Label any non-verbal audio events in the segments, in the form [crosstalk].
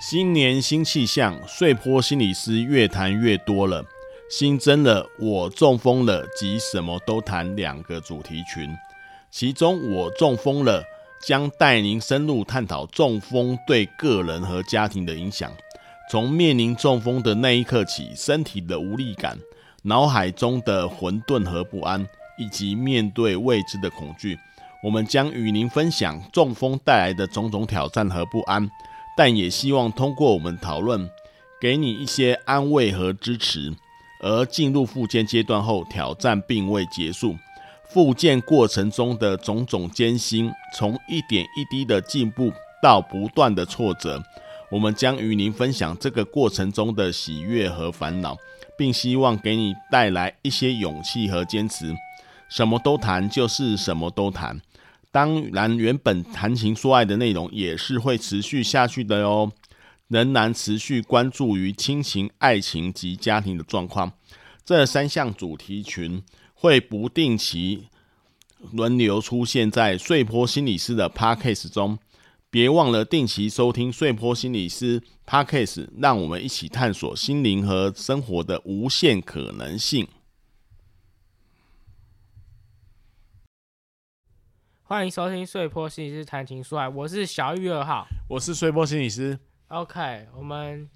新年新氣象，穗波心理師越談越多了，新增了“我中風了”及“什麼都談”兩個主題群。其中，“我中風了”將帶您深入探討中風對個人和家庭的影響。從面臨中風的那一刻起，身體的無力感、腦海中的混沌、和不安，以及面對未知的恐懼，我們將與您分享中風帶來的種種挑戰和不安。但也希望通過我們討論，給你一些安慰和支持。而進入復健階段後，挑戰並未結束。復健過程中的種種艱辛，從一點一滴的進步到不斷的挫折，我們將與您分享這個過程中的喜悅和煩惱，並希望給你帶來一些勇氣和堅持。什麼都談，就是什麼都談。當然，原本談情說愛的內容也是會持續下去的喲、哦，仍然持續關注於親情、愛情及家庭的狀況。這三項主題群會不定期輪流出現在穗波心理師的 podcast 中。別忘了定期收聽穗波心理師 podcast，讓我們一起探索心靈和生活的無限可能性。歡迎收聽碎波心理師談情說愛，我是小玉二號，我是碎波心理師。OK，我們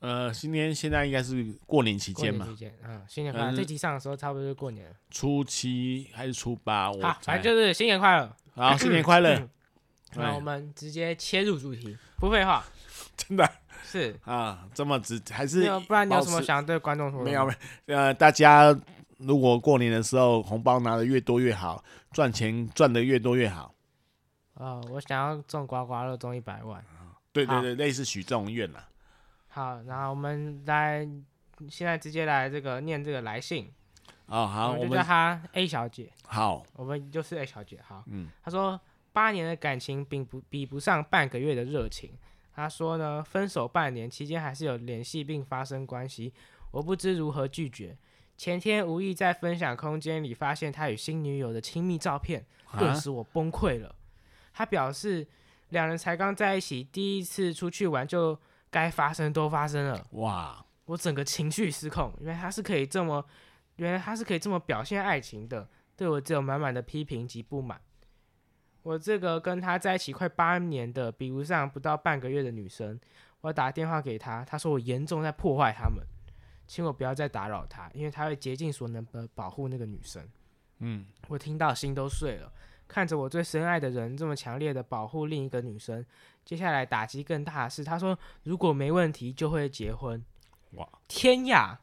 呃，今年現在應該是過年期間間嗯，新年快樂！這期上的時候差不多就過年了，初七還是初八，好，反正就是新年快樂，好，新年快樂。那我們直接切入主題，不廢話，真的是啊，這麼直還是？不然你有什麼想要對觀眾說的？呃，大家。如果過年的時候紅包拿得越多越好，賺錢賺得越多越好。啊、哦，我想要中刮刮樂中一百萬。哦，對對對，好類似許這種願啊。好，然後我們來，現在直接來這個念這個來信。哦，好，我們叫她 A 小姐。好，我們就是 A 小姐。好，嗯，她說八年的感情比不比不上半個月的熱情。她說呢，分手半年期間還是有聯繫並發生關係，我不知如何拒絕。前天無意在分享空間裡發現他與新女友的親密照片，頓時、啊、我崩潰了。他表示，兩人才剛在一起，第一次出去玩就該發生都發生了。哇！我整個情緒失控，因為他是可以這麼，原來他是可以這麼表現愛情的。對我只有滿滿的批評及不滿。我這個跟他在一起快八年的，比不上不到半個月的女生，我打電話給他，他說我嚴重在破壞他們。請我不要再打擾他，因為他會竭盡所能的保護那個女生。嗯，我聽到心都碎了，看着我最深愛的人這麼強烈的保護另一個女生。接下來打擊更大的是，他說如果沒問題就會結婚。哇，天呀！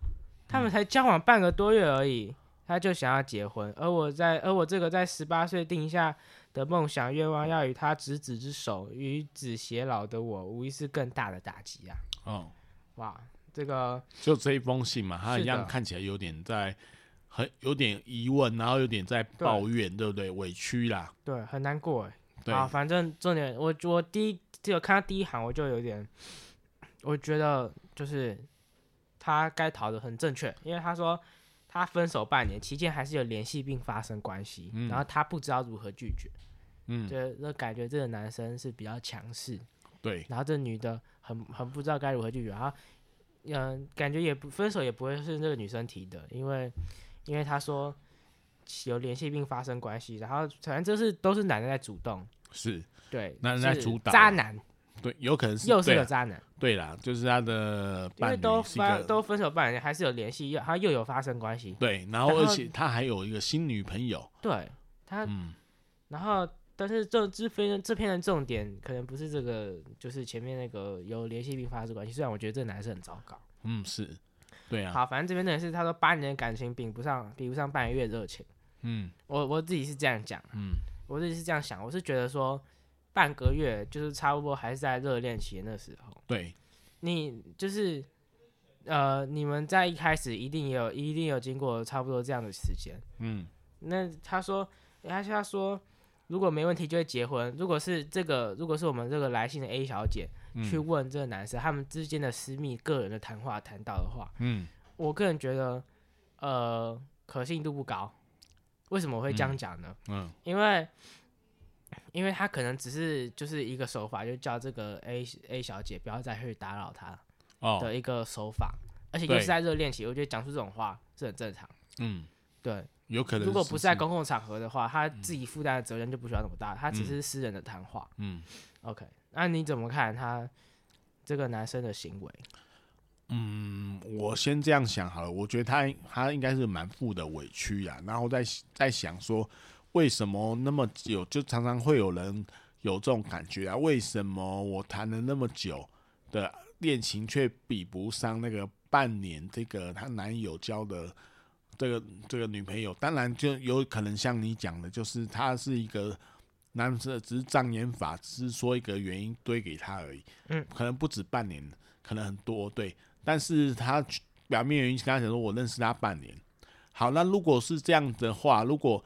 他們才交往半個多月而已，嗯、他就想要結婚，而我在而我這個在十八歲定下的夢想願望，要與他執子之手，與子偕老的我，無疑是更大的打擊啊！哦，哇。這個就這一封信嘛，他一樣看起來有點在的很有點疑問，然後有點在抱怨，對，對不對？委屈啦，對，很難過、欸、對，啊，反正重點，我我第一，就看到第一行，我就有點，我覺得就是他該逃得很正確，因為他說他分手半年期間還是有聯繫並發生關係，嗯、然後他不知道如何拒絕，嗯，就，就感覺這個男生是比較強勢，對，然後這女的很很不知道該如何拒絕，然後。嗯，感覺也不分手也不會是這個女生提的，因為，因為他說有聯繫並發生關係，然後反正就是都是男的在主動，是對，男人在主導，渣男，對，有可能是又是個渣男對啊，對啦，就是他的伴侶是，因為都分都分手半年還是有聯繫，又他又有發生關係，對，然後而且他還有一個新女朋友，對他，嗯，然後。但是這這篇這篇的重點可能不是這個，就是前面那個有聯繫並發生關係。雖然我覺得這個男生很糟糕，嗯，是，對啊。好，反正這邊的人是他說八年的感情比不上比不上半個月熱情。嗯，我我自己是這樣講，嗯，我自己是這樣想，我是覺得說半個月就是差不多還是在熱戀期的那時候。對，你就是呃，你們在一開始一定有一定有經過差不多這樣的時間。嗯，那他說，而且，欸，他說。如果沒問題就會結婚。如果是這個，如果是我們這個來信的 A 小姐，嗯，去問這個男生他們之間的私密、個人的談話談到的話，嗯，我個人覺得，呃，可信度不高。為什麼我會這樣講呢？嗯，嗯，因為，因為他可能只是就是一個手法，就叫這個 A A 小姐不要再去打擾他，哦的一個手法。哦，而且也是在熱戀期，對我覺得講出這種話是很正常。嗯，對。有可能，如果不是在公共場合的話，是他自己負擔的責任就不需要那麼大，嗯、他只是私人的談話。嗯，OK，那你怎麼看他這個男生的行為？嗯，我先這樣想好了，我覺得他他應該是滿腹的委屈呀，啊，然後在在想說為什麼那麼久，就常常會有人有這種感覺啊？為什麼我談了那麼久的戀情，卻比不上那個半年這個他男友交的？這個這個女朋友，當然就有可能像你講的，就是她是一個男生，只是障眼法，只是說一個原因堆給她而已。嗯，可能不止半年，可能很多對。但是她表面原因，剛才講說我認識她半年。好，那如果是這樣的話，如果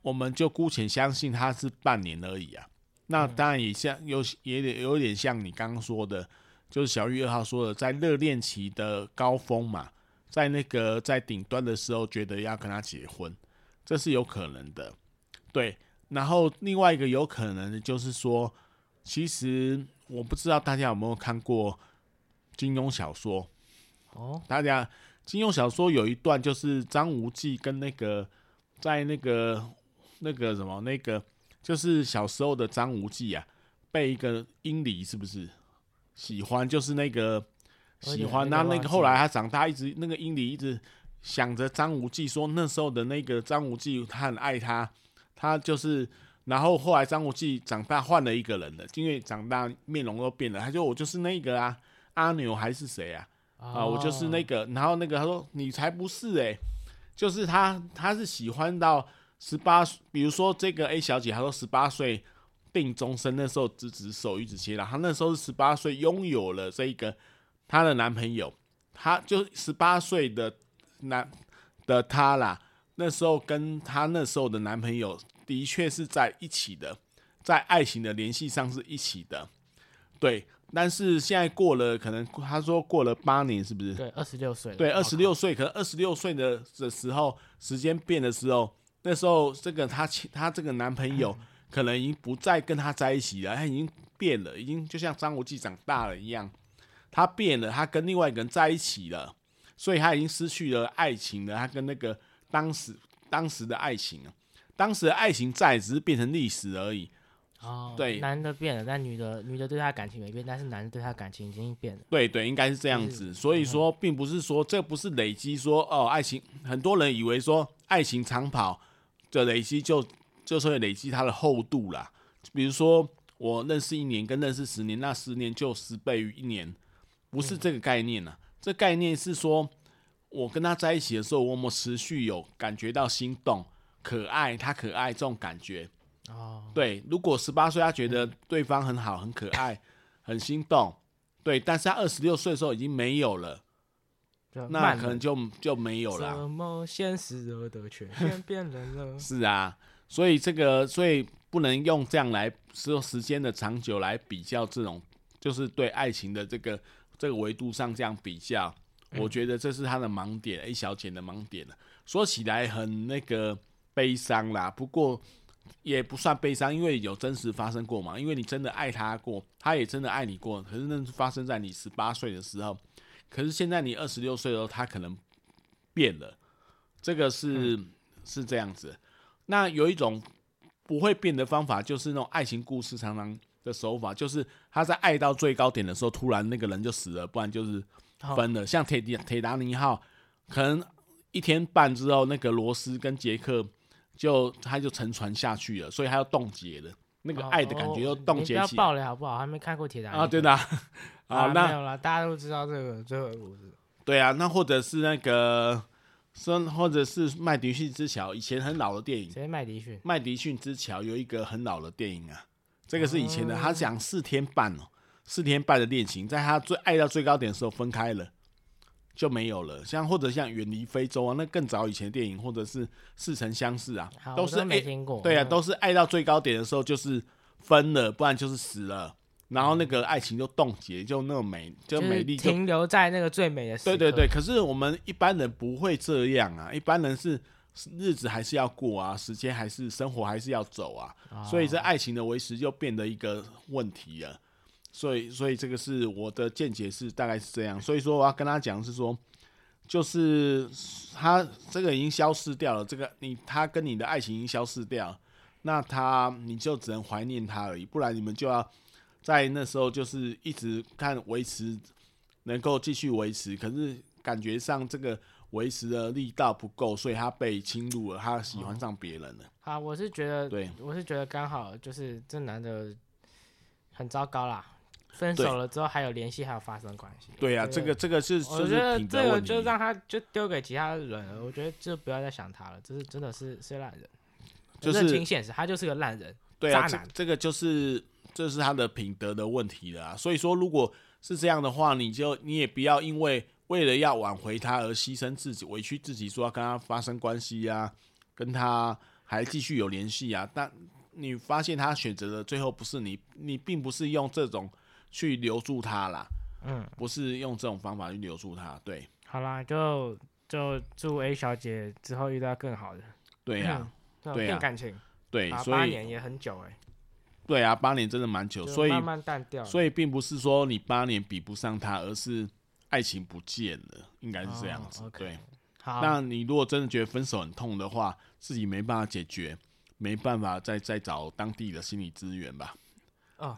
我們就姑且相信她是半年而已啊。那當然也像有也有，也有，有一點像你剛剛說的，就是小玉二號說的，在熱戀期的高峰嘛。在那個在頂端的時候，覺得要跟他結婚，這是有可能的，對。然後另外一個有可能的就是說，其實我不知道大家有沒有看過金庸小說哦，大家金庸，金庸小說有一段就是張無忌跟那個在那個那個什麼那個就是小時候的張無忌啊，被一個殷離是不是喜歡，就是那個。喜歡他那個，後來他長大，一直那個殷離一直想着張無忌，說那時候的那個張無忌，他很愛他，他就是，然後後來張無忌長大換了一個人了，因為長大面容都變了，他就我就是那個啊，啊，阿牛還是誰啊？啊，我就是那個，然後那個他說你才不是誒、欸，就是他，他是喜歡到十八，比如說這個 A 小姐，她說十八歲定終身，那時候執子手與子偕老了，他那時候是十八歲擁有了這個。她的男朋友，她就十八歲的男的她啦，那時候跟她那時候的男朋友的確是在一起的，在愛情的聯繫上是一起的，對。但是現在過了，可能她說過了八年，是不是？對，二十六歲。對，二十六歲，看可能二十六歲的的時候，時間變的時候，那時候這個她她這個男朋友可能已經不再跟她在一起了，她、嗯、已經變了，已經就像張無忌長大了一樣。他變了，他跟另外一個人在一起了，所以他已經失去了愛情了。他跟那個當時當時的愛情、啊、當時的愛情在，只是變成歷史而已。哦，對，男的變了，但女的女的對他的感情沒變，但是男的對他的感情已經變了。對對，應該是這樣子。就是、所以說，並不是說這不是累積，說哦，愛情很多人以為說愛情長跑的累積就就算累積它的厚度啦。比如說，我認識一年跟認識十年，那十年就十倍於一年。不是這個概念呢、啊，嗯、這概念是說，我跟他在一起的時候，我們持續有感覺到心動、可愛，他可愛這種感覺。哦，對，如果十八歲他覺得對方很好、嗯、很可愛、很心動，對，但是他二十六歲的時候已經沒有了，樣那可能就了就沒有了、啊。什麼現實惹得全變人了？ [laughs] 是啊，所以這個所以不能用這樣來說時間的長久來比較這種，就是對愛情的這個。這個維度上這樣比較，嗯、我覺得這是他的盲點，A 小姐的盲點了。說起來很那個悲傷啦，不過也不算悲傷，因為有真實發生過嘛。因為你真的愛他過，他也真的愛你過，可是那是發生在你十八歲的時候，可是現在你二十六歲的時候，他可能變了。這個是、嗯、是這樣子。那有一種不會變的方法，就是那種愛情故事常常。的手法就是他在愛到最高點的時候，突然那個人就死了，不然就是分了。哦、像《鐵鐵達尼號》，可能一天半之後，那個羅斯跟傑克就他就沉船下去了，所以他要凍結了那個愛的感覺，要凍結起來。哦哦、不要爆了好不好？還沒看過《鐵達尼、哦》對啊？對的啊。沒有了，那大家都知道這個這個故事。對啊，那或者是那個森，或者是《麥迪遜之橋》，以前很老的電影。誰？麥迪遜。麥迪遜之橋，有一個很老的電影啊。這個是以前的，他講四天半哦，嗯、四天半的戀情，在他最愛到最高點的時候分開了，就沒有了。像或者像《遠離非洲》啊，那更早以前的電影，或者是《似曾相識》啊，好都是都沒聽過。欸嗯、對啊，都是愛到最高點的時候就是分了，不然就是死了，嗯、然後那個愛情就凍結，就那麼美，就美麗停留在那個最美的時刻。對對對，可是我們一般人不會這樣啊，一般人是。日子還是要過啊，時間還是生活還是要走啊，oh. 所以這愛情的維持就變得一個問題了。所以，所以這個是我的見解是大概是這樣。所以說，我要跟他講是說，就是他這個已經消失掉了，這個你他跟你的愛情已經消失掉，那他你就只能懷念他而已，不然你們就要在那時候就是一直看維持，能夠繼續維持，可是。感覺上這個維持的力道不夠，所以他被侵入了，他喜歡上別人了、嗯。好，我是覺得，對我是覺得剛好就是這男的很糟糕啦。分手了之後還有聯繫，還有發生關係。對呀、這個，這個這、就、個是、就是、我覺得這個就讓他就丟給其他人。我覺得就不要再想他了，這、就是真的是是爛人。就是認清現實，他就是個爛人，對啊，渣男，這，這個就是這、就是他的品德的問題了。所以說，如果是這樣的話，你就你也不要因為。為了要挽回他而犧牲自己、委屈自己，說要跟他發生關係呀、啊，跟他還繼續有聯繫啊。但你發現他選擇的最後不是你，你並不是用這種去留住他啦。嗯，不是用這種方法去留住他。對，好啦，就就祝 A 小姐之後遇到更好的。對呀、啊嗯，對，、啊對啊、感情，對，八以、啊、年也很久哎、欸。對啊，八年真的蠻久，慢慢淡掉，所以所以並不是說你八年比不上他，而是愛情不見了，應該是這樣子。Oh, okay. 對，好。那你如果真的覺得分手很痛的話，自己沒辦法解決，沒辦法再再找當地的心理資源吧。哦，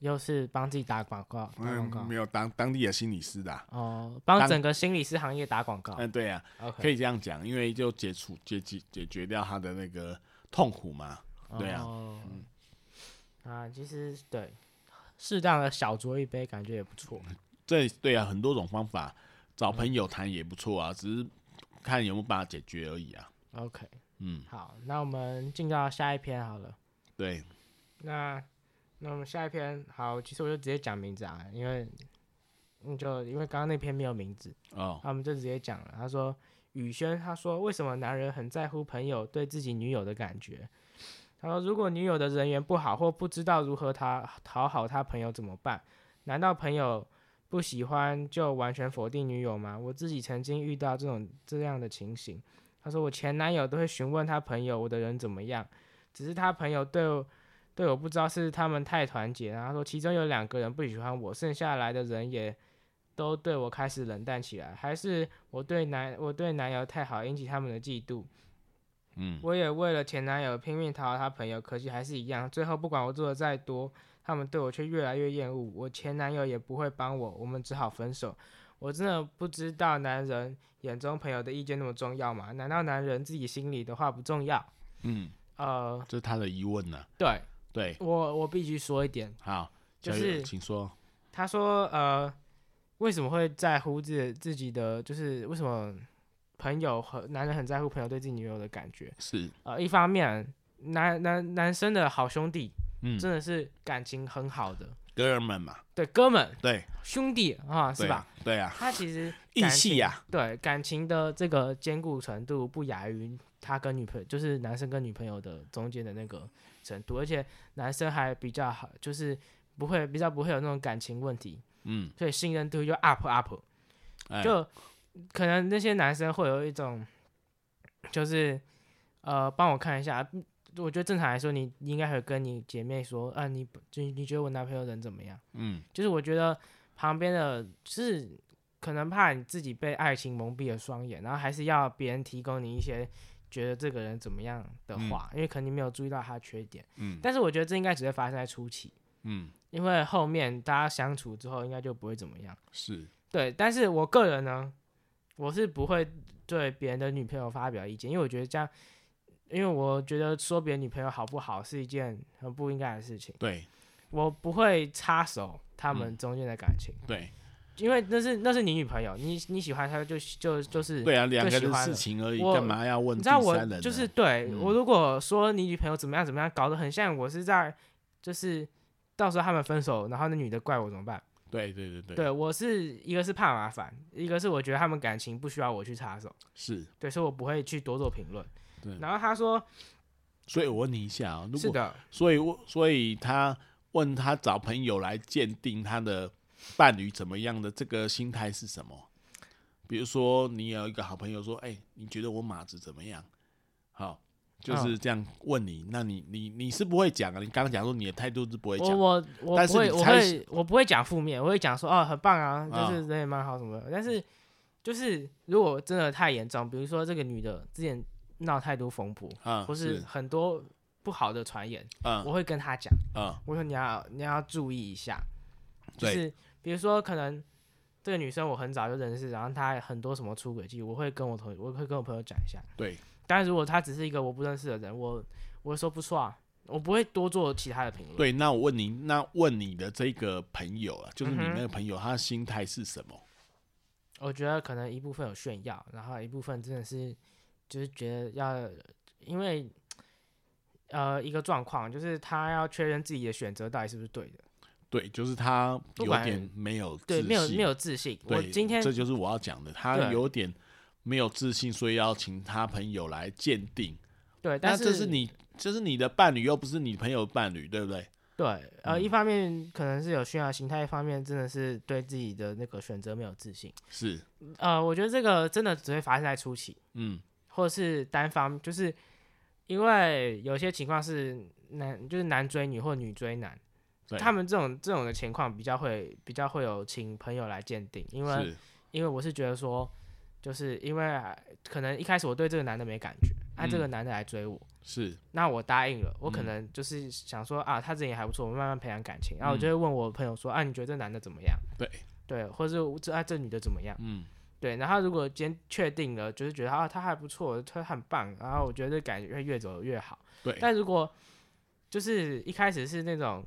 又是幫自己打廣告，打廣告、嗯。沒有，沒有當當地的心理師的。哦，幫整個心理師行業打廣告。嗯，對呀、啊。Okay. 可以這樣講，因為就解除、解解解決掉他的那個痛苦嘛。對呀、啊。哦嗯、啊，其實對，適當的小酌一杯，感覺也不錯。這對啊，很多種方法，找朋友談也不錯啊，嗯、只是看有沒有辦法解決而已啊。OK，嗯，好，那我們進到下一篇好了。對，那那我們下一篇好，其實我就直接講名字啊，因為嗯，就因為剛剛那篇沒有名字哦，他、啊、們就直接講了。他說雨軒，他說為什麼男人很在乎朋友對自己女友的感覺？他說如果女友的人緣不好，或不知道如何他討好他朋友怎麼辦？難道朋友？不喜歡就完全否定女友嗎？我自己曾經遇到這種這樣的情形。他說，我前男友都會詢問他朋友我的人怎麼樣，只是他朋友對對我不知道是他們太團結。然後他說，其中有兩個人不喜歡我，剩下來的人也都對我開始冷淡起來，還是我對男我對男友太好，引起他們的嫉妒。嗯，我也為了前男友拼命討好他朋友，可惜還是一樣。最後不管我做的再多，他們對我卻越來越厭惡。我前男友也不會幫我，我們只好分手。我真的不知道男人眼中朋友的意見那麼重要嗎？難道男人自己心裡的話不重要？嗯，呃，這是他的疑問呢、啊。對對，對我我必須說一點。好，就是請說。他說呃，為什麼會在乎自自己的？就是為什麼？朋友和男人很在乎朋友對自己女友的感覺，是啊、呃，一方面男男男生的好兄弟，嗯，真的是感情很好的哥們嘛，對哥們，對兄弟對啊，是吧？對啊，他其實義氣啊，對感情的這個堅固程度不亞於他跟女朋友，就是男生跟女朋友的中間的那個程度，而且男生還比較好，就是不會比較不會有那種感情問題，嗯，所以信任度就 up up，、哎、就。可能那些男生會有一種，就是，呃，幫我看一下。我覺得正常來說，你應該會跟你姐妹說，啊、呃，你你覺得我男朋友人怎麼樣？嗯，就是我覺得旁邊的，是可能怕你自己被愛情蒙蔽了雙眼，然後還是要別人提供你一些覺得這個人怎麼樣的話，嗯、因為可能你沒有注意到他的缺點。嗯，但是我覺得這應該只會發生在初期。嗯，因為後面大家相處之後，應該就不會怎麼樣。是，對。但是我個人呢？我是不會對別人的女朋友發表意見，因為我覺得這樣，因為我覺得說別人女朋友好不好是一件很不應該的事情。對，我不會插手他們中間的感情。嗯、對，因為那是那是你女朋友，你你喜歡她，就就就是。對啊，兩個人的事情而已，幹我嘛要問第三人？你知道我就是對、嗯、我如果說你女朋友怎麼樣怎麼樣，搞得很像我是在就是到時候他們分手，然後那女的怪我怎麼辦？對對對對，對，對我是一個是怕麻煩，一個是我覺得他們感情不需要我去插手，是對，所以我不會去多做評論。對，然後他說，所以我問你一下啊，如果，是的，所以我，所以他問他找朋友來鑑定他的伴侶怎麼樣的這個心態是什麼？比如說你有一個好朋友說，哎、欸，你覺得我馬子怎麼樣？好。就是這樣問你，嗯、那你你你，你是不會講啊？你剛剛講說你的態度是不會講，我我不我會我不會講負面，我會講說哦很棒啊，就是人也蠻好什麼的。嗯、但是就是如果真的太嚴重，比如說這個女的之前鬧太多風波，嗯、或是很多不好的傳言，嗯、我會跟她講，嗯、我會說你要你要注意一下。就是比如說可能這個女生我很早就認識，然後她很多什麼出軌記，我會跟我同我會跟我朋友講一下。對。但是，如果他只是一個我不認識的人，我我會說不錯啊，我不會多做其他的評論。對，那我問你，那問你的這個朋友啊，就是你那個朋友，嗯哼，他的心態是什麼？我覺得可能一部分有炫耀，然後一部分真的是就是覺得要，因為呃一個狀況就是他要確認自己的選擇到底是不是對的。對，就是他有點沒有自信，對，沒有沒有自信。對，我今天這就是我要講的，他有點。沒有自信，所以要請他朋友來鑑定。對，但是這是你，這是你的伴侶，又不是你朋友伴侶，對不對？對，呃，嗯、一方面可能是有炫耀心態，其他一方面真的是對自己的那個選擇沒有自信。是，呃，我覺得這個真的只會發生在初期，嗯，或者是單方，就是因為有些情況是男就是男追女或女追男，對他們這種這種的情況比較會比較會有請朋友來鑑定，因為是因為我是覺得說。就是因為可能一開始我對這個男的沒感覺，那、啊、這個男的來追我，嗯、是，那我答應了，我可能就是想說、嗯、啊，他這也還不錯，我慢慢培養感情，然、啊、後我就會問我朋友說、嗯、啊，你覺得這男的怎麼樣？對，對，或者這啊這女的怎麼樣？嗯，對，然後如果今天確定了，就是覺得啊他還不錯，他很棒，然後我覺得感覺越，越走越好。對，但如果就是一開始是那種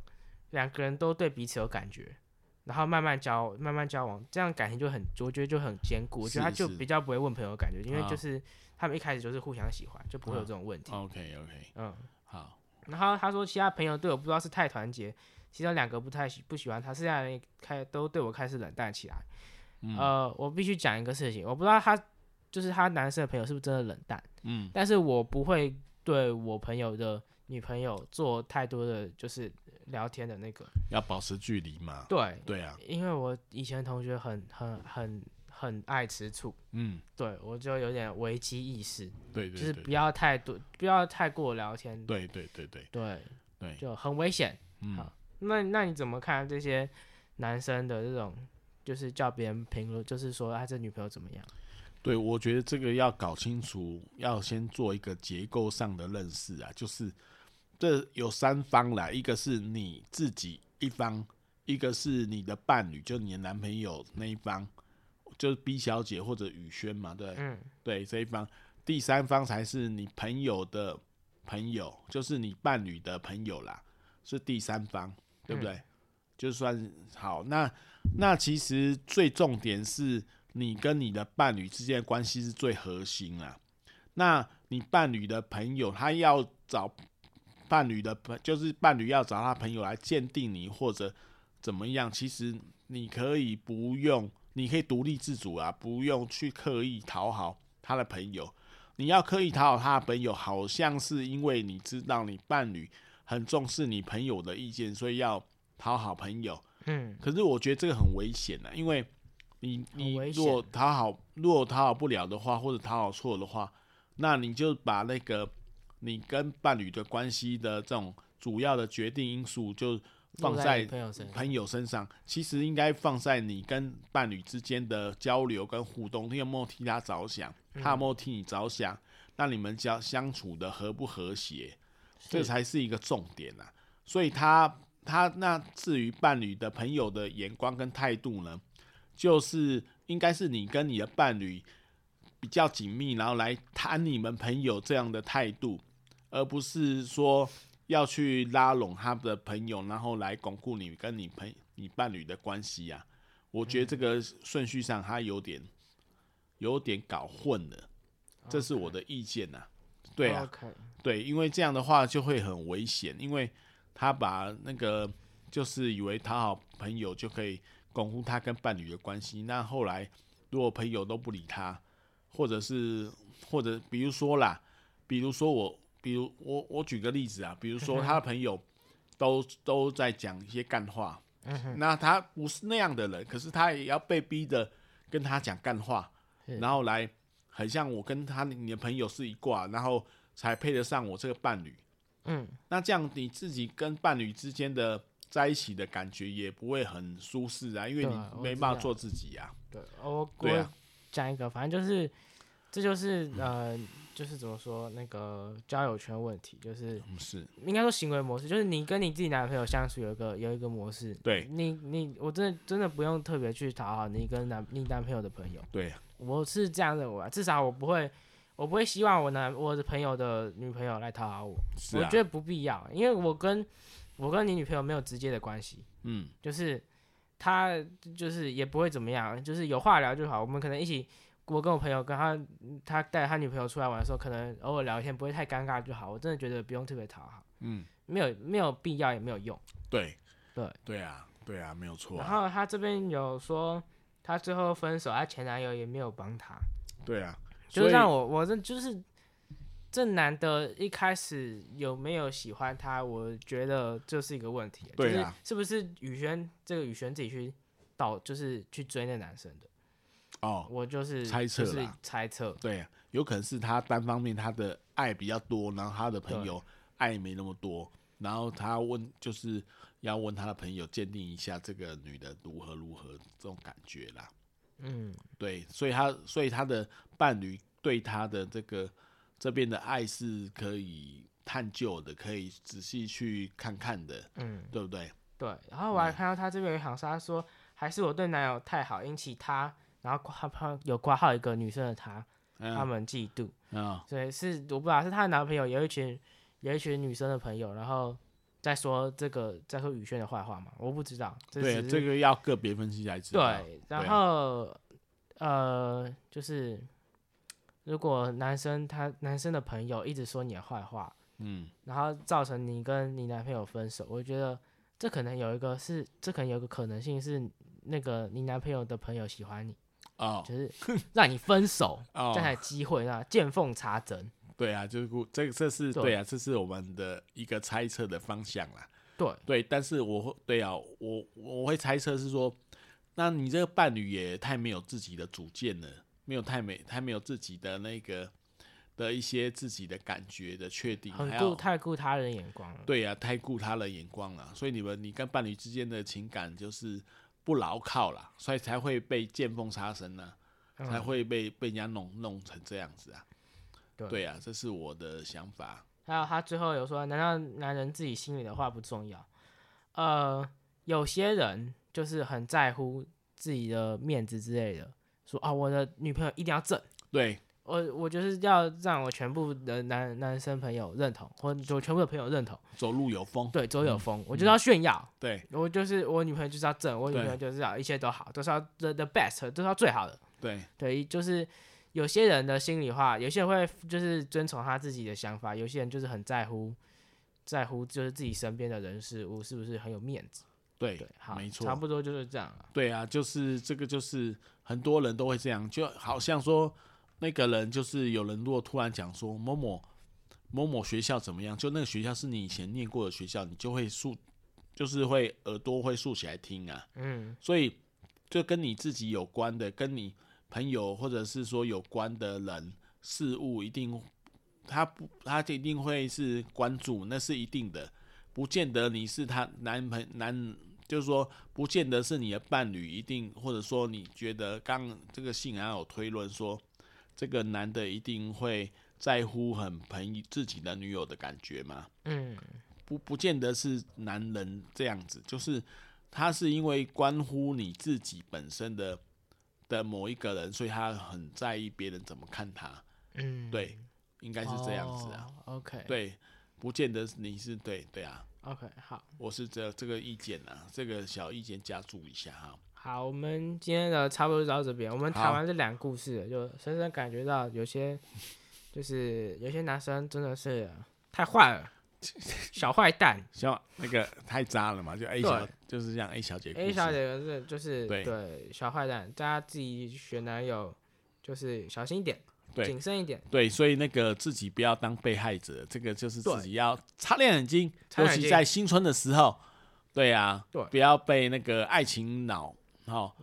兩個人都對彼此有感覺。然後慢慢交，慢慢交往，這樣感情就很，我覺得就很堅固。我覺得他就比較不會問朋友的感覺，是是因為就是、oh. 他們一開始就是互相喜歡，就不會有這種問題。Oh. OK OK，嗯，好。Oh. 然後他說其他朋友對我不知道是太團結，其他兩個不太喜不喜歡他，剩下人開都對我開始冷淡起來。嗯、呃，我必須講一個事情，我不知道他就是他男生的朋友是不是真的冷淡，嗯，但是我不會對我朋友的女朋友做太多的就是。聊天的那個要保持距離嘛？對對啊，因為我以前同學很很很很愛吃醋，嗯，對我就有點危機意識，對，對，對，對，就是不要太多，不要太過聊天，對對對對對對，對就很危險。嗯對，那那你怎麼看這些男生的這種，嗯、就是叫別人評論，就是說他、啊、這女朋友怎麼樣？對，我覺得這個要搞清楚，要先做一個結構上的認識啊，就是。這有三方啦，一個是你自己一方，一個是你的伴侶，就你的男朋友那一方，就是 B 小姐或者宇軒嘛，對，嗯、對這一方，第三方才是你朋友的朋友，就是你伴侶的朋友啦，是第三方，對不對？嗯、就算好，那那其實最重點是你跟你的伴侶之間的關係是最核心啦、啊。那你伴侶的朋友他要找。伴侶的朋，就是伴侶要找他朋友來鑑定你或者怎麼樣？其實你可以不用，你可以獨立自主啊，不用去刻意討好他的朋友。你要刻意討好他的朋友，好像是因為你知道你伴侶很重視你朋友的意見，所以要討好朋友。嗯，可是我覺得這個很危險的啊，因為你你如果討好，如果討好不了的話，或者討好錯的話，那你就把那個。你跟伴侶的關係的這種主要的決定因素，就放在朋友身上。其實應該放在你跟伴侶之間的交流跟互動，你有沒有替他着想，他有沒有替你着想，那你們交相處的和不和諧，是這才是一個重點啊。所以他他那至於伴侶的朋友的眼光跟態度呢，就是應該是你跟你的伴侶比較緊密，然後來談你們朋友這樣的態度。而不是說要去拉攏他的朋友，然後來鞏固你跟你朋你伴侶的關係呀、啊？我覺得這個順序上他有點有點搞混了，Okay. 這是我的意見吶、啊。對啊，Okay. 對，因為這樣的話就會很危險，因為他把那個就是以為討好朋友就可以鞏固他跟伴侶的關係，那後來如果朋友都不理他，或者是或者比如說啦，比如說我。比如我，我舉個例子啊，比如說他的朋友都呵呵都，都在講一些幹話，嗯、哼那他不是那樣的人，可是他也要被逼的，跟他講幹話，是然後來很像我跟他你的朋友是一掛，然後才配得上我這個伴侶，嗯，那這樣你自己跟伴侶之間的在一起的感覺也不會很舒適啊，因為你沒辦法做自己啊。對，我講一個，啊、反正就是這就是呃。嗯就是怎麼說那個交友圈問題，就是應該說行為模式，就是你跟你自己男朋友相處有一個有一個模式。對，你你我真的真的不用特別去討好你跟男你男朋友的朋友。對啊，我是這樣認為啊，至少我不會我不會希望我男我的朋友的女朋友來討好我，是啊，我覺得不必要，因為我跟我跟你女朋友沒有直接的關係。嗯，就是他就是也不會怎麼樣，就是有話聊就好，我們可能一起。我跟我朋友跟他，他帶他女朋友出來玩的時候，可能偶爾聊天不會太尷尬就好。我真的覺得不用特別討好，嗯，沒有沒有必要也沒有用。對，對，對啊，對啊，沒有錯啊。然後他這邊有說，他最後分手，他前男友也沒有幫他。對啊，就像我，我這就是這男的一開始有沒有喜歡他？我覺得這是一個問題，對啊，就是是不是雨軒這個雨軒自己去導，就是去追那男生的。哦，我就是猜測，是猜測。對，有可能是他單方面他的愛比較多，然後他的朋友愛沒那麼多，對然後他問就是要問他的朋友鑑定一下這個女的如何如何這種感覺啦。嗯，對，所以他所以他的伴侶對他的這個這邊的愛是可以探究的，可以仔細去看看的。嗯，對不對？對。然後我還看到他這邊有一行，說他說還是我對男友太好，引起他。然後他有誇，好一個女生的他，嗯、他們嫉妒，嗯、所以是我不知道是她的男朋友有一群有一群女生的朋友，然後在說這個在說宇軒的壞話嘛。我不知道，這對，這個要個別分析才知道。對，然後、啊、呃，就是如果男生他男生的朋友一直說你的壞話，嗯，然後造成你跟你男朋友分手，我覺得這可能有一個是這可能有個可能性是那個你男朋友的朋友喜歡你。哦，就是讓你分手，才、 [laughs] 哦、有機會，啊，見縫插針。對啊，就是這，這是對，對啊，這是我們的一個猜測的方向啦。對對，但是我，對啊，我我會猜測是說，那你這個伴侶也太沒有自己的主見了，沒有太沒太沒有自己的那個的一些自己的感覺的確定，很顧度要太顧他人眼光了。對啊，太顧他人眼光了，所以你們你跟伴侶之間的情感就是。不牢靠了，所以才會被見縫插針呢、啊，嗯、才會被被人家弄弄成這樣子啊！對對啊，這是我的想法。還有他最後有說，難道男人自己心裡的話不重要？呃，有些人就是很在乎自己的面子之類的，說啊，我的女朋友一定要正。對。我我就是要讓我全部的男男生朋友認同，或我全部的朋友認同，走路有風，對，走有風，嗯、我就是要炫耀，嗯、對我就是我女朋友就是要正，我女朋友就是要一切都好，對都是要 the best，都是要最好的，對對，就是有些人的心裡話，有些人會就是遵從他自己的想法，有些人就是很在乎在乎就是自己身邊的人事物是不是很有面子，對,對，好，沒錯錯，差不多就是這樣，對啊，就是這個就是很多人都會這樣，就好像說。嗯那個人就是有人，如果突然講說某某某某學校怎麼樣，就那個學校是你以前念過的學校，你就會豎，就是會耳朵會豎起來聽啊。嗯，所以就跟你自己有關的，跟你朋友或者是說有關的人事物，一定他不他一定會是關注，那是一定的。不見得你是他男朋友男，就是說不見得是你的伴侶，一定或者說你覺得剛剛這個信還有推論說。這個男的一定會在乎很朋友自己的女友的感覺嗎？嗯，不，不見得是男人這樣子，就是他是因為關乎你自己本身的的某一個人，所以他很在意別人怎麼看他。嗯，對，應該是這樣子啊。哦，OK，對，不見得你是對，對啊。OK，好，我是這這個意見啊，這個小意見加注一下哈。好，我們今天的差不多就到這邊。我們談完這兩個故事，好就深深感覺到有些就是有些男生真的是太壞了， [laughs] 小壞蛋，小那個太渣了嘛，就 a 小對就是這樣 a 小姐 a 小姐是就是對，對，小壞蛋，大家自己選男友就是小心一點，對謹慎一點，對，所以那個自己不要當被害者，這個就是自己要擦亮眼睛，對尤其在新春的時候，對呀、啊，對不要被那個愛情腦好，哦、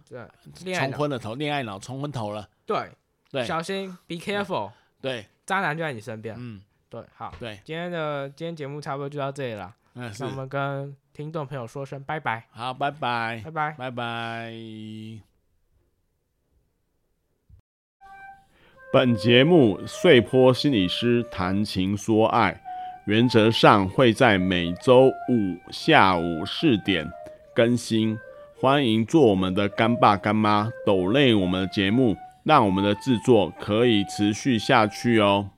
對，沖昏了頭，戀愛腦沖昏頭了。對，對小心，Be careful 對。對，渣男就在你身邊。嗯，對，好，對今，今天的今天節目差不多就到這裡了。嗯，那我們跟聽眾朋友說聲是拜拜。好，拜拜，拜拜，拜拜。本節目穗波心理師談情說愛，原則上會在每周五下午四點更新。歡迎做我們的乾爸乾媽，抖內我們的節目，讓我們的製作可以持續下去哦。